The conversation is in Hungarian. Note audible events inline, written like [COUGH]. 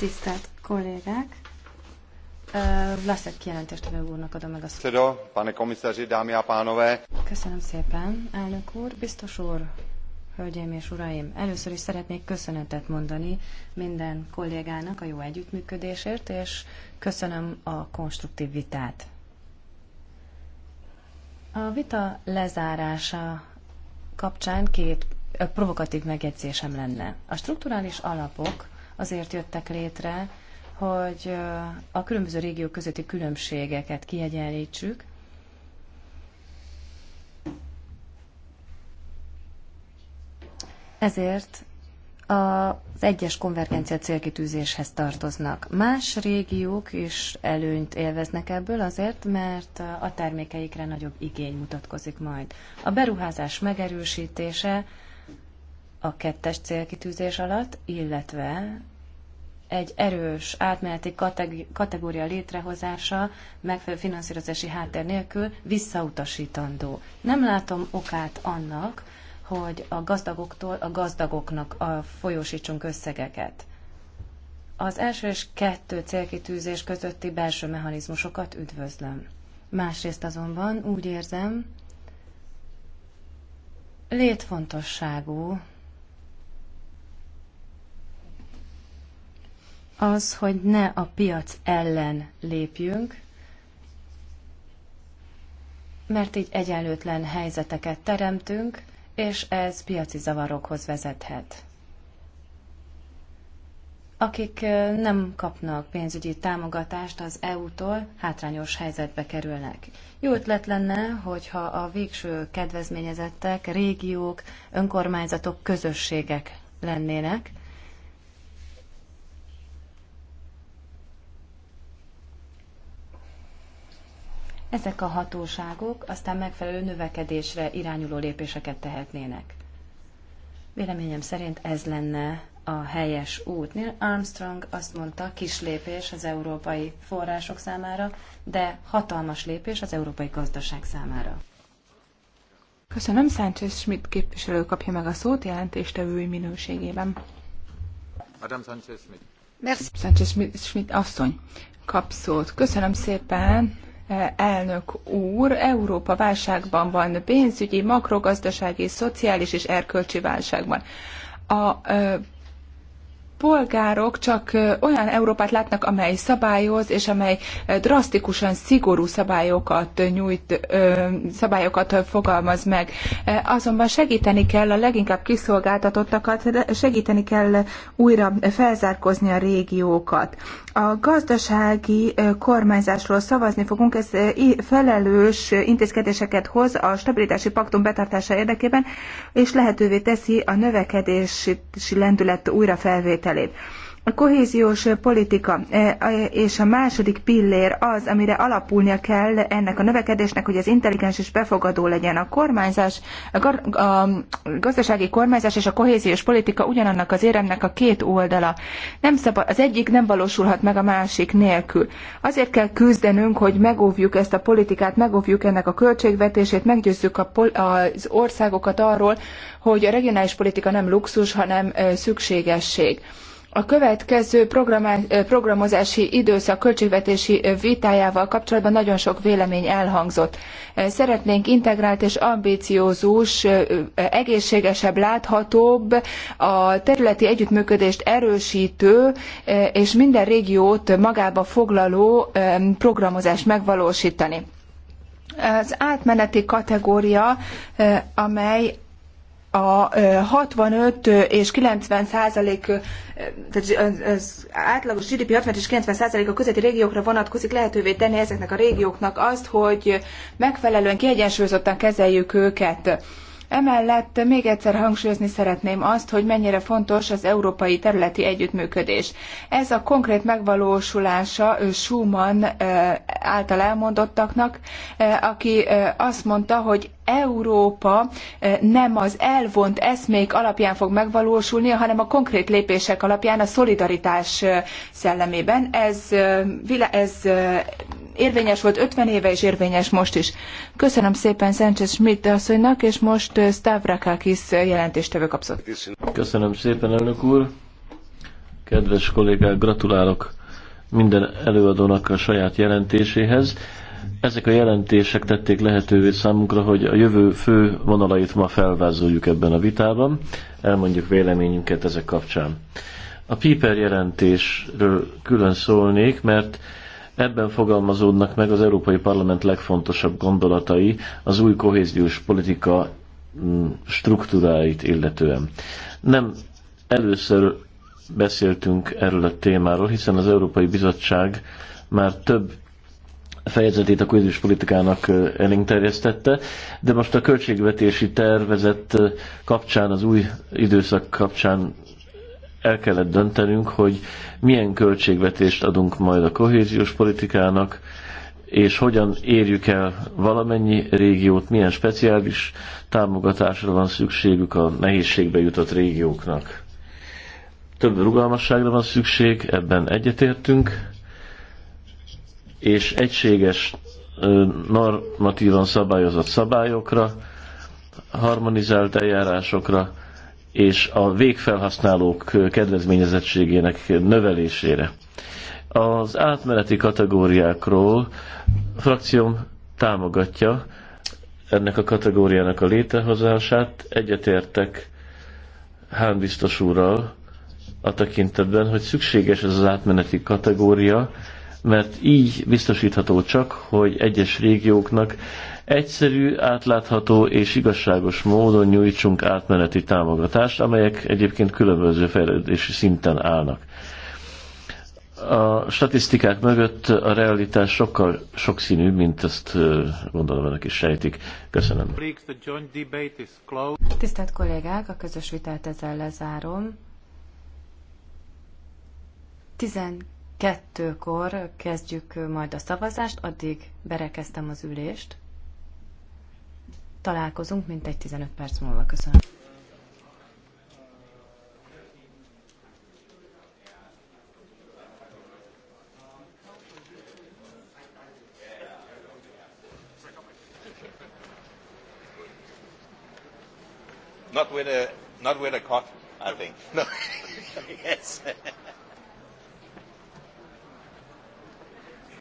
Tisztelt kollégák! Vlaszek jelentéstevő úrnak adom meg a szót. Pane komisaři, dámy a pánové. Köszönöm szépen, elnök úr, biztos úr, hölgyeim és uraim. Először is szeretnék köszönetet mondani minden kollégának a jó együttműködésért, és köszönöm a konstruktív vitát. A vita lezárása kapcsán két provokatív megjegyzésem lenne. A strukturális alapok azért jöttek létre, hogy a különböző régiók közötti különbségeket kiegyenlítsük, Ezért az egyes konvergencia célkitűzéshez tartoznak. Más régiók is előnyt élveznek ebből azért, mert a termékeikre nagyobb igény mutatkozik majd. A beruházás megerősítése a kettes célkitűzés alatt, illetve egy erős átmeneti kategória létrehozása megfelelő finanszírozási háttér nélkül visszautasítandó. Nem látom okát annak, hogy a gazdagoktól a gazdagoknak a folyósítsunk összegeket. Az első és kettő célkitűzés közötti belső mechanizmusokat üdvözlöm. Másrészt azonban úgy érzem, létfontosságú az, hogy ne a piac ellen lépjünk, mert így egyenlőtlen helyzeteket teremtünk, és ez piaci zavarokhoz vezethet. Akik nem kapnak pénzügyi támogatást az EU-tól, hátrányos helyzetbe kerülnek. Jó ötlet lenne, hogyha a végső kedvezményezettek régiók, önkormányzatok, közösségek lennének, ezek a hatóságok aztán megfelelő növekedésre irányuló lépéseket tehetnének. Véleményem szerint ez lenne a helyes út. Neil Armstrong azt mondta, kis lépés az európai források számára, de hatalmas lépés az európai gazdaság számára. Köszönöm, Sánchez Schmidt képviselő kapja meg a szót jelentéstevői minőségében. Adam Sánchez Schmidt. Merci. Sánchez Schmidt asszony kap szót. Köszönöm szépen elnök úr, Európa válságban van, pénzügyi, makrogazdasági, szociális és erkölcsi válságban. A polgárok csak olyan Európát látnak, amely szabályoz, és amely drasztikusan szigorú szabályokat nyújt, szabályokat fogalmaz meg. Azonban segíteni kell a leginkább kiszolgáltatottakat, segíteni kell újra felzárkozni a régiókat. A gazdasági kormányzásról szavazni fogunk, ez felelős intézkedéseket hoz a stabilitási paktum betartása érdekében, és lehetővé teszi a növekedési lendület újrafelvételét. A kohéziós politika e, és a második pillér az, amire alapulnia kell ennek a növekedésnek, hogy az intelligens és befogadó legyen a kormányzás, a, gazdasági kormányzás és a kohéziós politika ugyanannak az éremnek a két oldala. Nem szabad, az egyik nem valósulhat meg a másik nélkül. Azért kell küzdenünk, hogy megóvjuk ezt a politikát, megóvjuk ennek a költségvetését, meggyőzzük a az országokat arról, hogy a regionális politika nem luxus, hanem szükségesség. A következő programozási időszak költségvetési vitájával kapcsolatban nagyon sok vélemény elhangzott. Szeretnénk integrált és ambíciózus, egészségesebb, láthatóbb, a területi együttműködést erősítő és minden régiót magába foglaló programozást megvalósítani. Az átmeneti kategória, amely a 65 és 90 százalék, tehát az átlagos GDP 60 és 90 százalék a közötti régiókra vonatkozik, lehetővé tenni ezeknek a régióknak azt, hogy megfelelően kiegyensúlyozottan kezeljük őket. Emellett még egyszer hangsúlyozni szeretném azt, hogy mennyire fontos az európai területi együttműködés. Ez a konkrét megvalósulása Schumann által elmondottaknak, aki azt mondta, hogy Európa nem az elvont eszmék alapján fog megvalósulni, hanem a konkrét lépések alapján a szolidaritás szellemében. Ez, ez érvényes volt 50 éve, és érvényes most is. Köszönöm szépen Sánchez Schmidt asszonynak, és most eh, Stavrakakis eh, jelentéstevő kapszott. Köszönöm szépen, elnök úr. Kedves kollégák, gratulálok minden előadónak a saját jelentéséhez. Ezek a jelentések tették lehetővé számunkra, hogy a jövő fő vonalait ma felvázoljuk ebben a vitában, elmondjuk véleményünket ezek kapcsán. A Piper jelentésről külön szólnék, mert Ebben fogalmazódnak meg az Európai Parlament legfontosabb gondolatai az új kohéziós politika mm, struktúráit illetően. Nem először beszéltünk erről a témáról, hiszen az Európai Bizottság már több fejezetét a kohéziós politikának elénk terjesztette, de most a költségvetési tervezet kapcsán, az új időszak kapcsán el kellett döntenünk, hogy milyen költségvetést adunk majd a kohéziós politikának, és hogyan érjük el valamennyi régiót, milyen speciális támogatásra van szükségük a nehézségbe jutott régióknak. Több rugalmasságra van szükség, ebben egyetértünk, és egységes normatívan szabályozott szabályokra, harmonizált eljárásokra, és a végfelhasználók kedvezményezettségének növelésére. Az átmeneti kategóriákról frakcióm támogatja ennek a kategóriának a létrehozását. Egyetértek Hán biztos úrral a tekintetben, hogy szükséges ez az átmeneti kategória, mert így biztosítható csak, hogy egyes régióknak Egyszerű, átlátható és igazságos módon nyújtsunk átmeneti támogatást, amelyek egyébként különböző fejlődési szinten állnak. A statisztikák mögött a realitás sokkal sokszínű, mint ezt gondolom önök is sejtik. Köszönöm. Tisztelt kollégák, a közös vitát ezzel lezárom. 12-kor kezdjük majd a szavazást, addig berekeztem az ülést. Találkozunk mint egy 15 perc múlva. Köszönöm. Not with a, not with a cot, I think. No. [LAUGHS] yes.